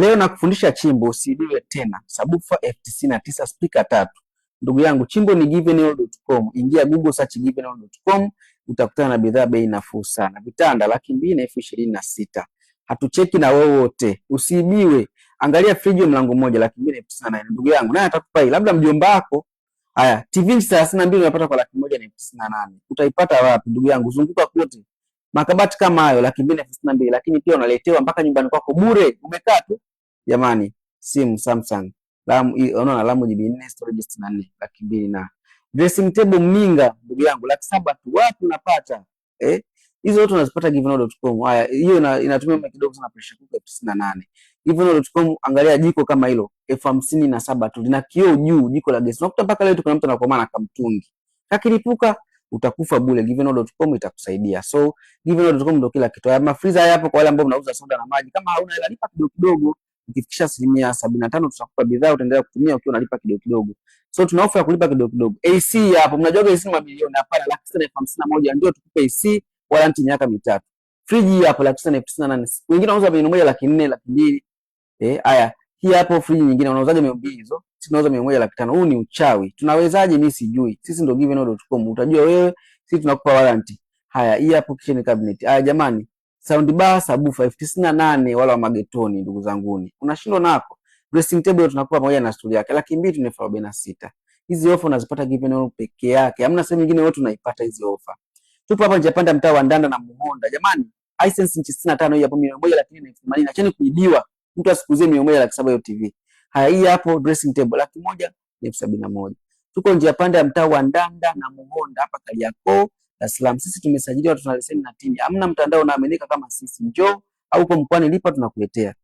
Leo nakufundisha chimbo usiibiwe tena, subwoofer F99 spika tatu. Ndugu yangu, chimbo ni givenall.com. Ingia Google search givenall.com, utakutana na bidhaa bei nafuu sana. Vitanda laki mbili na elfu ishirini na sita. Hatucheki na wowote, usiibiwe. Angalia friji mlango mmoja laki mbili na elfu tisini na nane. Ndugu yangu, naye atakupa hii, labda mjomba wako. Haya, TV inchi thelathini na mbili unapata kwa laki moja na elfu tisini na nane. Utaipata wapi ndugu yangu? Zunguka kote. Makabati kama hayo laki mbili na elfu tisini na mbili, lakini pia unaletewa mpaka nyumbani kwako bure. Umekaa tu Jamani, simu Samsung RAM hii unaona, RAM GB 4 storage 64 laki mbili na dressing table mninga, ndugu yangu, laki saba tu. Wapi unapata eh? Hizo watu unazipata givenall.com. Haya, hiyo inatumia muda kidogo sana, pressure cooker 98. Givenall.com, angalia jiko kama hilo elfu hamsini na saba tu, lina kioo juu, jiko la gesi. Unakuta mpaka leo tuko na mtu anakuwa na kamtungi kakilipuka utakufa bure. Givenall.com itakusaidia. So givenall.com ndio kila kitu. Haya, mafriza yapo kwa wale ambao mnauza soda na maji. Kama hauna hela, lipa kidogo kidogo. Ukifikisha asilimia sabini na tano tutakupa bidhaa, utaendelea kutumia ukiwa unalipa kidogo kidogo. So tuna ofa ya kulipa kidogo kidogo. AC hapo mnajua AC ni mamilioni hapana, laki sita na elfu hamsini na moja ndio tukupe AC, warranty miaka mitatu. Friji hapo laki sita na elfu tisini na nane wengine wanauza milioni moja laki nne laki mbili Eh, haya hii hapo friji nyingine wanauzaje milioni mbili hizo, sisi tunauza milioni moja laki tano Huu ni uchawi. Tunawezaje? Mimi sijui. Sisi ndio givenall.com, utajua wewe, sisi tunakupa warranty. Haya, hii hapo kitchen cabinet. Haya jamani soundbar bar sabufa wala wa magetoni ndugu zangu. Unashindwa nako. Dressing table tunakuwa pamoja na stuli yake laki mbili tuna elfu arobaini na sita. Hizi ofa unazipata Given Givenall peke yake. Hamna sehemu nyingine yote unaipata hizi ofa. Tupo hapa Njapanda mtaa wa Ndanda na Muhonda. Jamani, Hisense inchi 65 hii hapo milioni laki 1,380. Acheni kuibiwa. Mtu asikuzie milioni laki hiyo TV. Haya hii hapo dressing table laki moja na elfu sabini na moja. Tuko njia panda ya mtaa wa Ndanda na Muhonda hapa Kariakoo. Dar es Salaam. Sisi tumesajiliwa, tuna leseni na TIN. Hamna mtandao unaaminika kama sisi. Njoo au uko mkoani, lipa, tunakuletea.